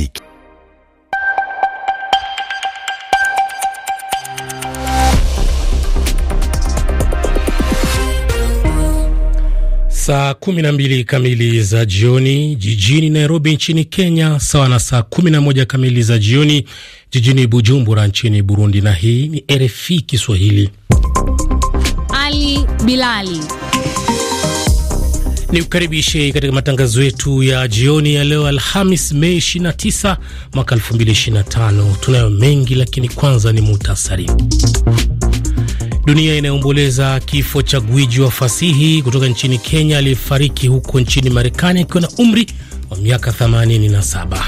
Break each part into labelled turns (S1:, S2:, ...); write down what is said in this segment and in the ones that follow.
S1: musique.
S2: Saa 12 kamili za jioni jijini Nairobi nchini Kenya, sawa na saa 11 kamili za jioni jijini Bujumbura nchini Burundi. Na hii ni RFI Kiswahili.
S1: Ali Bilali
S2: ni kukaribishe katika matangazo yetu ya jioni ya leo Alhamis, Mei 29 mwaka 2025. Tunayo mengi, lakini kwanza ni muhtasari. Dunia inayoomboleza kifo cha gwiji wa fasihi kutoka nchini Kenya aliyefariki huko nchini Marekani akiwa na umri wa miaka 87.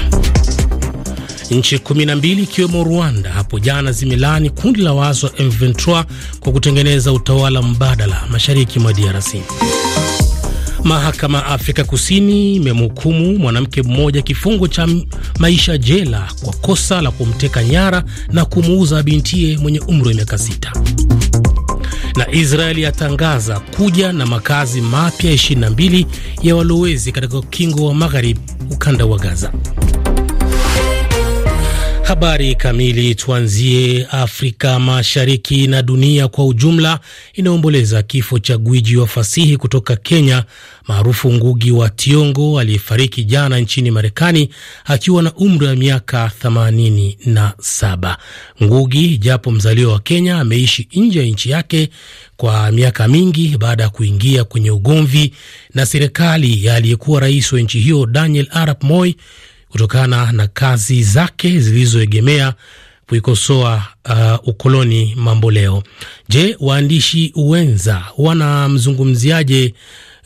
S2: Nchi 12 ikiwemo Rwanda hapo jana zimelaani kundi la waasi wa M23 kwa kutengeneza utawala mbadala mashariki mwa DRC. Mahakama Afrika Kusini imemhukumu mwanamke mmoja kifungo cha maisha jela kwa kosa la kumteka nyara na kumuuza bintie mwenye umri wa miaka sita. Na Israeli yatangaza kuja na makazi mapya 22 ya walowezi katika ukingo wa magharibi, ukanda wa Gaza. Habari kamili, tuanzie Afrika Mashariki na dunia kwa ujumla inaomboleza kifo cha gwiji wa fasihi kutoka Kenya maarufu Ngugi wa Thiong'o aliyefariki jana nchini Marekani akiwa na umri wa miaka 87. Ngugi, japo mzaliwa wa Kenya, ameishi nje ya nchi yake kwa miaka mingi baada ya kuingia kwenye ugomvi na serikali ya aliyekuwa rais wa nchi hiyo Daniel Arap Moi kutokana na kazi zake zilizoegemea kuikosoa uh, ukoloni mambo leo. Je, waandishi wenza wanamzungumziaje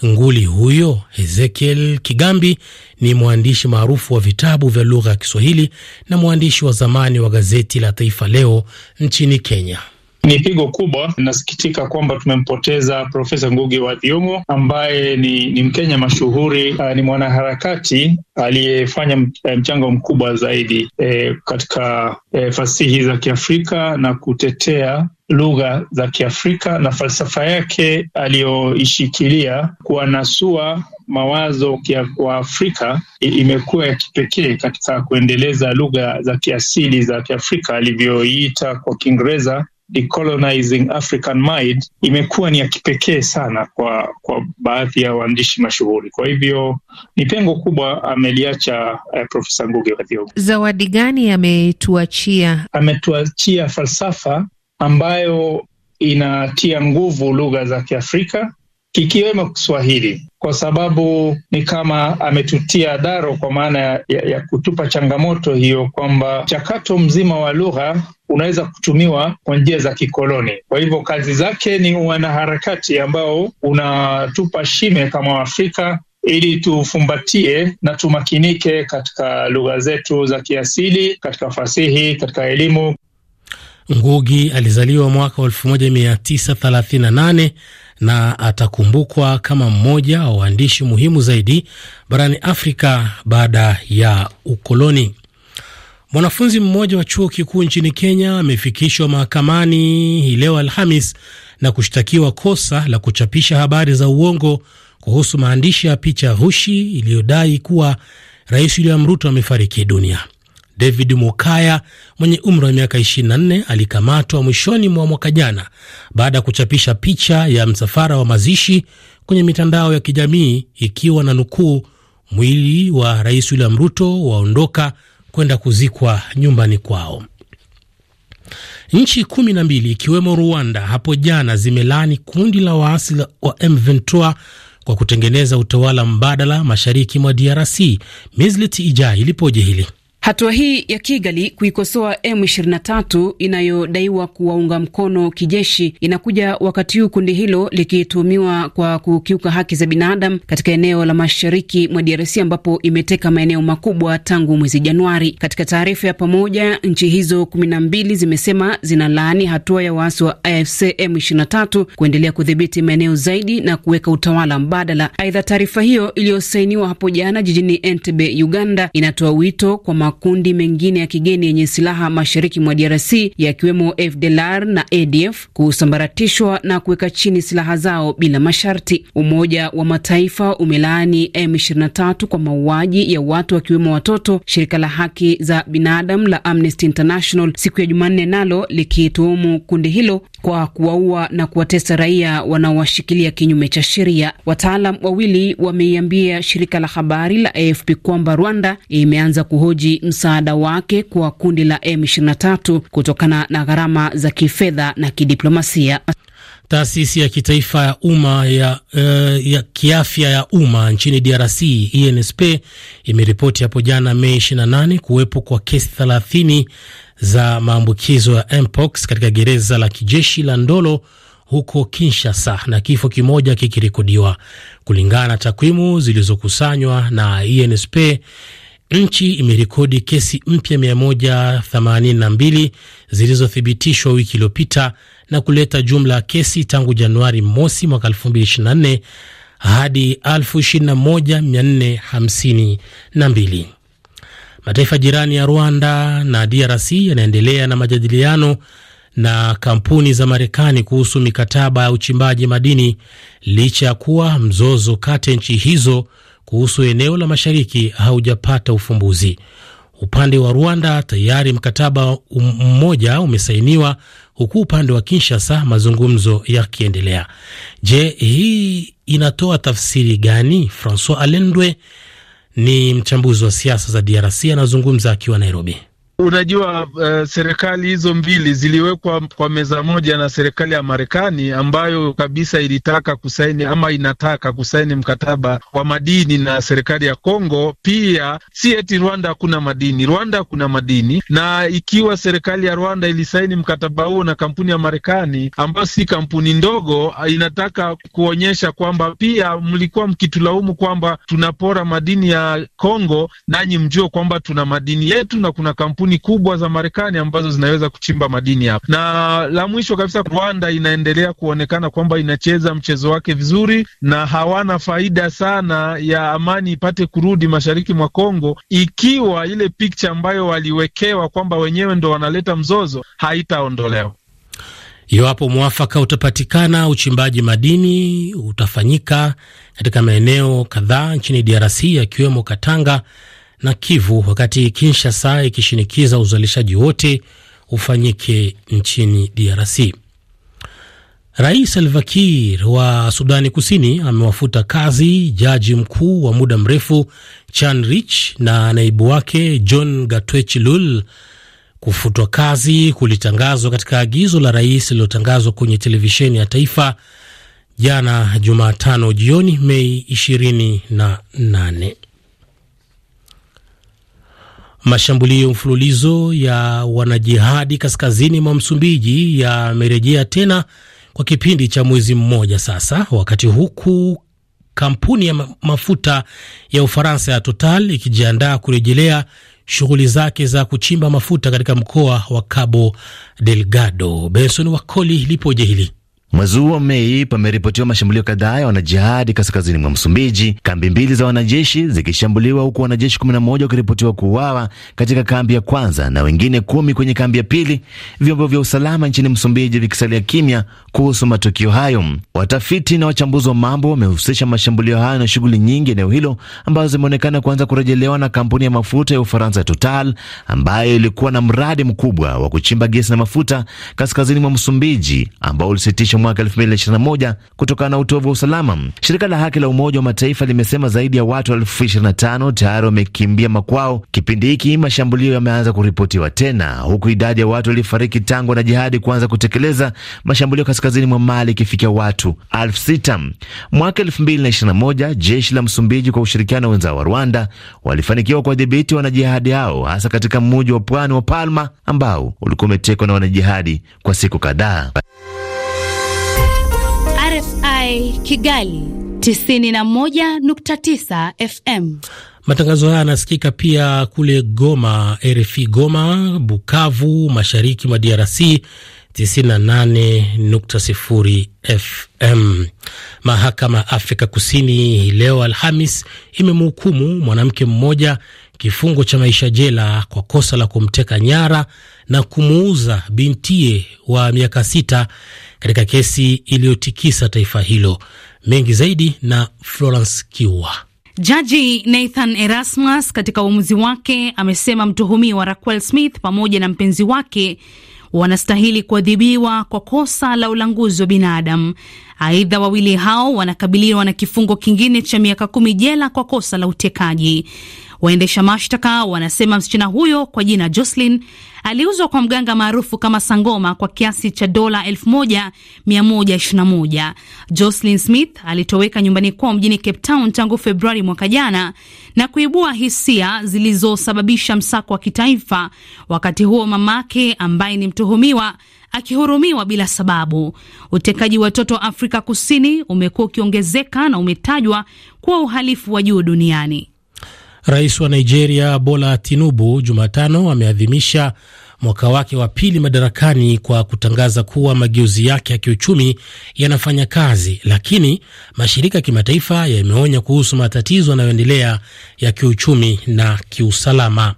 S2: nguli huyo? Ezekiel Kigambi ni mwandishi maarufu wa vitabu vya lugha ya Kiswahili na mwandishi wa zamani wa gazeti la Taifa Leo nchini Kenya.
S3: Ni pigo kubwa. inasikitika kwamba tumempoteza Profesa Ngugi wa Thiong'o ambaye ni, ni Mkenya mashuhuri uh, ni mwanaharakati aliyefanya eh, mchango mkubwa zaidi eh, katika eh, fasihi za Kiafrika na kutetea lugha za Kiafrika na falsafa yake aliyoishikilia kuwanasua mawazo wa Afrika imekuwa ya kipekee katika kuendeleza lugha za kiasili za Kiafrika alivyoiita kwa Kiingereza Decolonizing African Mind imekuwa ni ya kipekee sana kwa kwa baadhi ya waandishi mashuhuri. Kwa hivyo ni pengo kubwa ameliacha uh, Profesa nguge wadhiogo
S1: Zawadi gani ametuachia?
S3: Ametuachia falsafa ambayo inatia nguvu lugha za Kiafrika kikiwemo Kiswahili kwa sababu ni kama ametutia daro kwa maana ya, ya kutupa changamoto hiyo kwamba mchakato mzima wa lugha unaweza kutumiwa kwa njia za kikoloni. Kwa hivyo kazi zake ni wanaharakati ambao unatupa shime kama Waafrika ili tufumbatie na tumakinike katika lugha zetu za kiasili, katika fasihi, katika elimu.
S2: Ngugi alizaliwa mwaka 1938 na atakumbukwa kama mmoja wa waandishi muhimu zaidi barani Afrika baada ya ukoloni. Mwanafunzi mmoja wa chuo kikuu nchini Kenya amefikishwa mahakamani hii leo Alhamis na kushtakiwa kosa la kuchapisha habari za uongo kuhusu maandishi ya picha ghushi iliyodai kuwa Rais William Ruto amefariki dunia. David mukaya mwenye umri wa miaka 24 alikamatwa mwishoni mwa mwaka jana baada ya kuchapisha picha ya msafara wa mazishi kwenye mitandao ya kijamii ikiwa na nukuu, mwili wa Rais William Ruto waondoka kwenda kuzikwa nyumbani kwao. Nchi kumi na mbili ikiwemo Rwanda hapo jana zimelani kundi la waasi wa M23 kwa kutengeneza utawala mbadala mashariki mwa DRC. Mizleti Ijai ilipoje hili
S4: Hatua hii ya Kigali kuikosoa M23 inayodaiwa kuwaunga mkono kijeshi inakuja wakati huu kundi hilo likituhumiwa kwa kukiuka haki za binadamu katika eneo la mashariki mwa DRC ambapo imeteka maeneo makubwa tangu mwezi Januari. Katika taarifa ya pamoja, nchi hizo kumi na mbili zimesema zinalaani hatua ya waasi wa AFC M23 kuendelea kudhibiti maeneo zaidi na kuweka utawala mbadala. Aidha, taarifa hiyo iliyosainiwa hapo jana jijini Entebbe, Uganda, inatoa wito kwa makundi mengine ya kigeni yenye silaha mashariki mwa DRC yakiwemo FDLR na ADF kusambaratishwa na kuweka chini silaha zao bila masharti. Umoja wa Mataifa umelaani M23 kwa mauaji ya watu wakiwemo watoto, shirika la haki za binadamu la Amnesty International siku ya Jumanne nalo likituhumu kundi hilo kwa kuwaua na kuwatesa raia wanaowashikilia kinyume cha sheria. Wataalam wawili wameiambia shirika la habari la AFP kwamba Rwanda imeanza kuhoji msaada wake kwa kundi la M23 kutokana na gharama za kifedha na
S2: kidiplomasia. Taasisi ya kitaifa ya umma ya, uh, ya kiafya ya umma nchini DRC INSP e imeripoti hapo jana Mei 28 kuwepo kwa kesi 30 za maambukizo ya mpox katika gereza la kijeshi la Ndolo huko Kinshasa na kifo kimoja kikirekodiwa. Kulingana na takwimu zilizokusanywa na INSP, nchi imerekodi kesi mpya 182 zilizothibitishwa wiki iliyopita na kuleta jumla ya kesi tangu Januari mosi mwaka 2024 hadi 21452. Mataifa jirani ya Rwanda na DRC yanaendelea na majadiliano na kampuni za Marekani kuhusu mikataba ya uchimbaji madini licha ya kuwa mzozo kati ya nchi hizo kuhusu eneo la mashariki haujapata ufumbuzi. Upande wa Rwanda tayari mkataba um, mmoja umesainiwa huku upande wa Kinshasa mazungumzo yakiendelea. Je, hii inatoa tafsiri gani? Francois Alendwe ni mchambuzi wa siasa za DRC anazungumza akiwa Nairobi.
S3: Unajua uh, serikali hizo mbili ziliwekwa kwa meza moja na serikali ya Marekani ambayo kabisa ilitaka kusaini ama inataka kusaini mkataba wa madini na serikali ya Kongo. Pia si eti Rwanda hakuna madini, Rwanda kuna madini, na ikiwa serikali ya Rwanda ilisaini mkataba huo na kampuni ya Marekani ambayo si kampuni ndogo, inataka kuonyesha kwamba pia mlikuwa mkitulaumu kwamba tunapora madini ya Kongo, nanyi mjue kwamba tuna madini yetu na kuna kampuni kampuni kubwa za Marekani ambazo zinaweza kuchimba madini hapa. Na la mwisho kabisa, Rwanda inaendelea kuonekana kwamba inacheza mchezo wake vizuri na hawana faida sana ya amani ipate kurudi mashariki mwa Kongo, ikiwa ile picha ambayo waliwekewa kwamba wenyewe ndo wanaleta mzozo haitaondolewa.
S2: Iwapo mwafaka utapatikana, uchimbaji madini utafanyika katika maeneo kadhaa nchini DRC yakiwemo Katanga na Kivu, wakati Kinshasa ikishinikiza uzalishaji wote ufanyike nchini DRC. Rais Salva Kiir wa Sudani Kusini amewafuta kazi jaji mkuu wa muda mrefu Chan Rich na naibu wake John Gatwech Lul. Kufutwa kazi kulitangazwa katika agizo la rais lililotangazwa kwenye televisheni ya taifa jana Jumatano jioni, Mei 28. Mashambulio mfululizo ya wanajihadi kaskazini mwa Msumbiji yamerejea tena kwa kipindi cha mwezi mmoja sasa, wakati huku kampuni ya mafuta ya Ufaransa ya Total ikijiandaa kurejelea shughuli zake za kuchimba mafuta katika mkoa wa Cabo Delgado. Benson Wakoli,
S5: lipoje hili? Mwezi huo Mei pameripotiwa mashambulio kadhaa ya wanajihadi kaskazini mwa Msumbiji, kambi mbili za wanajeshi zikishambuliwa, huku wanajeshi 11 wakiripotiwa kuuawa katika kambi ya kwanza na wengine kumi kwenye kambi ya pili, vyombo vya usalama nchini Msumbiji vikisalia kimya kuhusu matukio hayo. Watafiti na wachambuzi wa mambo wamehusisha mashambulio hayo na shughuli nyingi eneo hilo ambazo zimeonekana kuanza kurejelewa na kampuni ya mafuta ya Ufaransa Total ambayo ilikuwa na mradi mkubwa wa kuchimba gesi na mafuta kaskazini mwa Msumbiji ambao ulisitisha mwaka 2021 kutokana na utovu wa usalama. Shirika la haki la Umoja wa Mataifa limesema zaidi ya watu elfu 25 tayari wamekimbia makwao. Kipindi hiki mashambulio yameanza kuripotiwa tena, huku idadi ya watu waliofariki tangu wanajihadi kuanza kutekeleza mashambulio kaskazini mwa Mali ikifikia watu elfu sita. Mwaka 2021 jeshi la Msumbiji kwa ushirikiano wenzao wa Rwanda walifanikiwa kuwadhibiti wanajihadi hao hasa katika mji wa pwani wa Palma ambao ulikuwa umetekwa na wanajihadi kwa siku kadhaa.
S1: RFI Kigali 91.9 FM.
S2: Matangazo haya yanasikika pia kule Goma, RFI Goma, Bukavu, mashariki mwa DRC 98.0 FM. Mahakama ya Afrika Kusini leo Alhamis imemhukumu mwanamke mmoja kifungo cha maisha jela kwa kosa la kumteka nyara na kumuuza bintie wa miaka sita katika kesi iliyotikisa taifa hilo. Mengi zaidi na Florence Kiwa.
S1: Jaji Nathan Erasmus katika uamuzi wake amesema mtuhumiwa Raquel Smith pamoja na mpenzi wake wanastahili kuadhibiwa kwa kosa la ulanguzi wa binadamu. Aidha, wawili hao wanakabiliwa na kifungo kingine cha miaka kumi jela kwa kosa la utekaji. Waendesha mashtaka wanasema msichana huyo kwa jina Jocelyn aliuzwa kwa mganga maarufu kama Sangoma kwa kiasi cha dola 1121. Jocelyn Smith alitoweka nyumbani kwao mjini Cape Town tangu Februari mwaka jana na kuibua hisia zilizosababisha msako wa kitaifa, wakati huo mamake ambaye ni mtuhumiwa akihurumiwa bila sababu. Utekaji watoto Afrika Kusini umekuwa ukiongezeka na umetajwa kuwa uhalifu wa juu duniani.
S2: Rais wa Nigeria Bola Tinubu Jumatano ameadhimisha mwaka wake wa pili madarakani kwa kutangaza kuwa mageuzi yake ya kiuchumi yanafanya kazi, lakini mashirika ya kimataifa yameonya kuhusu matatizo yanayoendelea ya kiuchumi na kiusalama.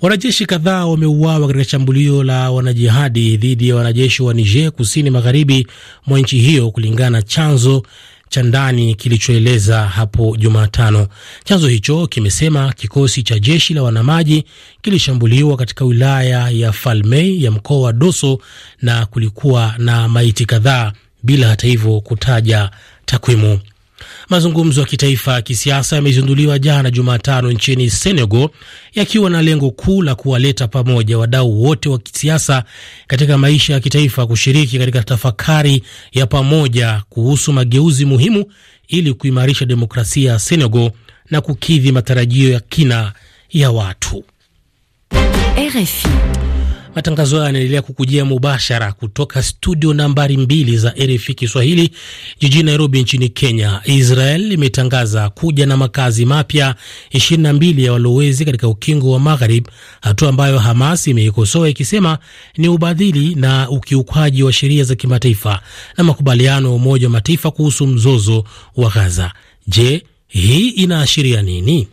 S2: Wanajeshi kadhaa wameuawa katika shambulio la wanajihadi dhidi ya wanajeshi wa Niger kusini magharibi mwa nchi hiyo, kulingana na chanzo cha ndani kilichoeleza hapo Jumatano. Chanzo hicho kimesema kikosi cha jeshi la wanamaji kilishambuliwa katika wilaya ya falmei ya mkoa wa Doso na kulikuwa na maiti kadhaa, bila hata hivyo kutaja takwimu. Mazungumzo ya kitaifa ya kisiasa yamezinduliwa jana Jumatano nchini Senegal, yakiwa na lengo kuu la kuwaleta pamoja wadau wote wa kisiasa katika maisha ya kitaifa kushiriki katika tafakari ya pamoja kuhusu mageuzi muhimu ili kuimarisha demokrasia ya Senegal na kukidhi matarajio ya kina ya watu. RFI. Matangazo haya yanaendelea kukujia mubashara kutoka studio nambari mbili za RFI Kiswahili jijini Nairobi nchini Kenya. Israel imetangaza kuja na makazi mapya 22 ya walowezi katika ukingo wa Magharib, hatua ambayo Hamas imeikosoa ikisema ni ubadhili na ukiukwaji wa sheria za kimataifa na makubaliano ya Umoja wa Mataifa kuhusu mzozo wa Gaza. Je, hii inaashiria nini?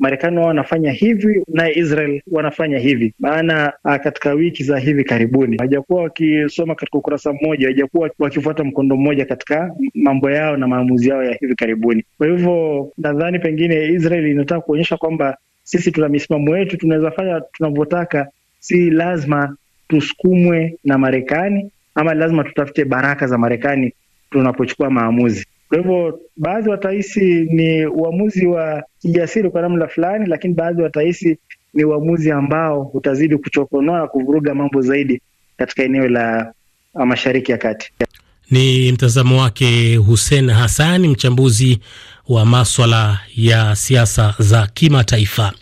S3: Marekani wao wanafanya hivi na Israel wanafanya hivi. Maana ah, katika wiki za hivi karibuni hawajakuwa wakisoma katika ukurasa mmoja, hawajakuwa wakifuata mkondo mmoja katika mambo yao na maamuzi yao ya hivi karibuni. Kwa hivyo nadhani pengine Israel inataka kuonyesha kwamba sisi tuna misimamo yetu, tunaweza fanya tunavyotaka, si lazima tusukumwe na Marekani ama lazima tutafute baraka za Marekani tunapochukua maamuzi. Kwa hivyo baadhi watahisi ni uamuzi wa kijasiri kwa namna fulani, lakini baadhi watahisi ni uamuzi ambao utazidi kuchokonoa na kuvuruga mambo zaidi katika eneo la
S5: Mashariki ya Kati.
S2: Ni mtazamo wake Hussein Hassani, mchambuzi wa maswala ya siasa za kimataifa.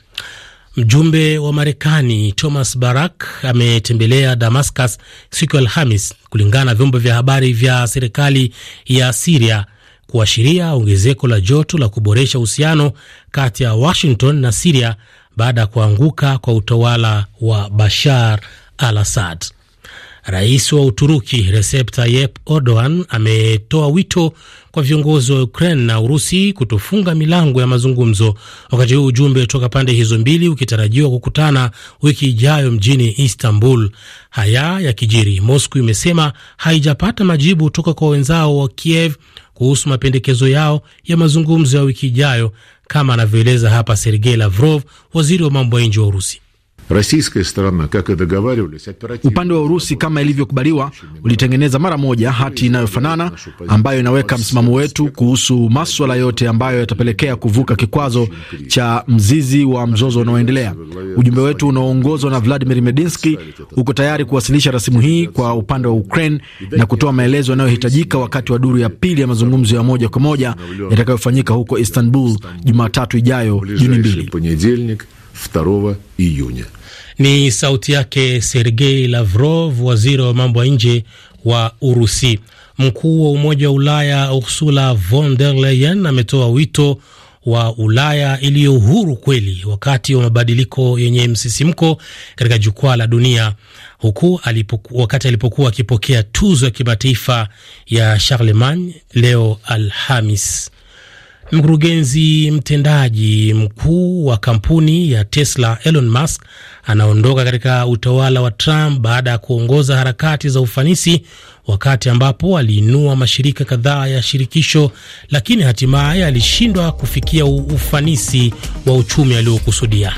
S2: Mjumbe wa Marekani Thomas Barak ametembelea Damascus siku ya Alhamis, kulingana na vyombo vya habari vya serikali ya Siria kuashiria ongezeko la joto la kuboresha uhusiano kati ya Washington na Siria baada ya kuanguka kwa utawala wa Bashar al Assad. Rais wa Uturuki Recep Tayyip Erdogan ametoa wito kwa viongozi wa Ukraine na Urusi kutofunga milango ya mazungumzo, wakati huu ujumbe toka pande hizo mbili ukitarajiwa kukutana wiki ijayo mjini Istanbul. Haya ya kijiri Moscow imesema haijapata majibu toka kwa wenzao wa Kiev kuhusu mapendekezo yao ya mazungumzo ya wiki ijayo, kama anavyoeleza hapa Sergei Lavrov, waziri wa mambo ya nje wa Urusi.
S5: Upande wa Urusi kama ilivyokubaliwa, ulitengeneza mara moja hati inayofanana ambayo inaweka msimamo wetu kuhusu maswala yote ambayo yatapelekea kuvuka kikwazo cha mzizi wa mzozo unaoendelea. Ujumbe wetu unaoongozwa na Vladimir Medinsky uko tayari kuwasilisha rasimu hii kwa upande wa Ukraine na kutoa maelezo yanayohitajika wakati wa duru ya pili ya mazungumzo ya moja kwa moja yatakayofanyika huko Istanbul Jumatatu ijayo Juni mbili.
S2: Ni sauti yake Sergei Lavrov, waziri wa mambo ya nje wa Urusi. Mkuu wa Umoja wa Ulaya Ursula von der Leyen ametoa wito wa Ulaya iliyo huru kweli wakati wa mabadiliko yenye msisimko katika jukwaa la dunia huku alipoku, wakati alipokuwa akipokea tuzo ya kimataifa ya Charlemagne leo Alhamis. Mkurugenzi mtendaji mkuu wa kampuni ya Tesla Elon Musk anaondoka katika utawala wa Trump baada ya kuongoza harakati za ufanisi, wakati ambapo aliinua mashirika kadhaa ya shirikisho, lakini hatimaye alishindwa kufikia ufanisi wa uchumi aliokusudia.